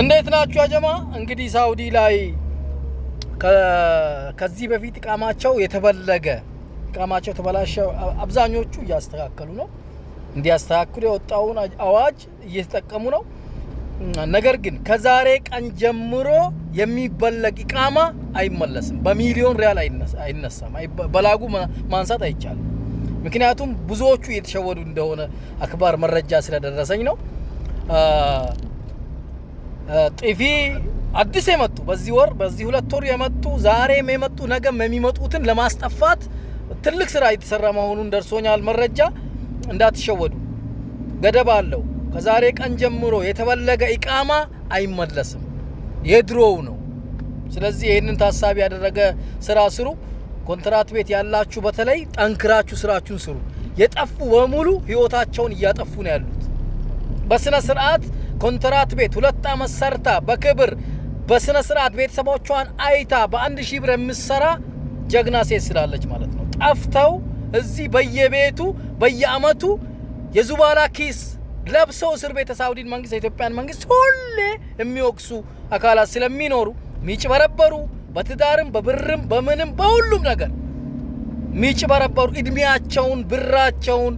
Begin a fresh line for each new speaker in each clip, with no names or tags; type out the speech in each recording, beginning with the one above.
እንዴት ናችሁ አጀማ? እንግዲህ ሳውዲ ላይ ከዚህ በፊት እቃማቸው የተበለገ እቃማቸው ተበላሸ፣ አብዛኞቹ እያስተካከሉ ነው። እንዲያስተካክሉ የወጣውን አዋጅ እየተጠቀሙ ነው። ነገር ግን ከዛሬ ቀን ጀምሮ የሚበለግ ኢቃማ አይመለስም። በሚሊዮን ሪያል አይነሳም። በላጉ ማንሳት አይቻልም። ምክንያቱም ብዙዎቹ እየተሸወዱ እንደሆነ አክባር መረጃ ስለደረሰኝ ነው። ጥፊ አዲስ የመጡ በዚህ ወር በዚህ ሁለት ወር የመጡ ዛሬም የመጡ ነገም የሚመጡትን ለማስጠፋት ትልቅ ስራ የተሰራ መሆኑን ደርሶኛል መረጃ። እንዳትሸወዱ፣ ገደብ አለው። ከዛሬ ቀን ጀምሮ የተበለገ ኢቃማ አይመለስም፣ የድሮው ነው። ስለዚህ ይህንን ታሳቢ ያደረገ ስራ ስሩ። ኮንትራት ቤት ያላችሁ በተለይ ጠንክራችሁ ስራችሁን ስሩ። የጠፉ በሙሉ ህይወታቸውን እያጠፉ ነው ያሉት። በስነ ስርዓት ኮንትራት ቤት ሁለት አመት ሰርታ በክብር በስነ ስርዓት ቤተሰቦቿን አይታ በአንድ ሺህ ብር የምትሰራ ጀግና ሴት ስላለች ማለት ነው። ጠፍተው እዚህ በየቤቱ በየአመቱ የዙባላ ኪስ ለብሰው እስር ቤት ሳውዲን መንግስት የኢትዮጵያን መንግስት ሁሌ የሚወቅሱ አካላት ስለሚኖሩ ሚጭበረበሩ፣ በትዳርም በብርም በምንም በሁሉም ነገር ሚጭበረበሩ እድሜያቸውን፣ ብራቸውን፣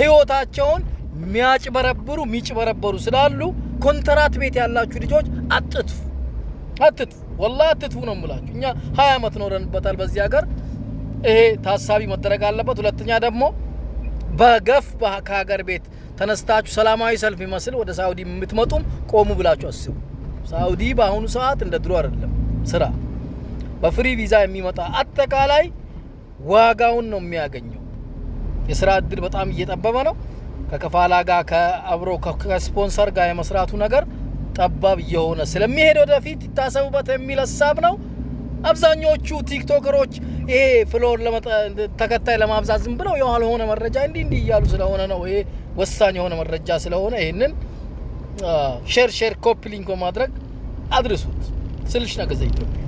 ህይወታቸውን የሚያጭበረብሩ የሚጭበረበሩ ስላሉ ኮንትራት ቤት ያላችሁ ልጆች አትጥፉ፣ አትጥፉ፣ ወላ አትጥፉ ነው የምላችሁ። እኛ ሀያ ዓመት ኖረንበታል በዚህ ሀገር። ይሄ ታሳቢ መደረግ አለበት። ሁለተኛ ደግሞ በገፍ ከሀገር ቤት ተነስታችሁ ሰላማዊ ሰልፍ ይመስል ወደ ሳውዲ የምትመጡም ቆሙ ብላችሁ አስቡ። ሳውዲ በአሁኑ ሰዓት እንደ ድሮ አይደለም። ስራ በፍሪ ቪዛ የሚመጣ አጠቃላይ ዋጋውን ነው የሚያገኘው። የስራ እድል በጣም እየጠበበ ነው። ከከፋላ ጋር ከአብሮ ከስፖንሰር ጋር የመስራቱ ነገር ጠባብ እየሆነ ስለሚሄድ ወደፊት ይታሰቡበት የሚል ሀሳብ ነው። አብዛኞቹ ቲክቶከሮች ይሄ ፍሎር ተከታይ ለማብዛት ዝም ብለው ያልሆነ መረጃ እንዲህ እንዲህ እያሉ ስለሆነ ነው። ይሄ ወሳኝ የሆነ መረጃ ስለሆነ ይህንን ሼር ሼር ኮፒ ሊንክ በማድረግ አድርሱት ስልሽ ነገዘ ኢትዮጵያ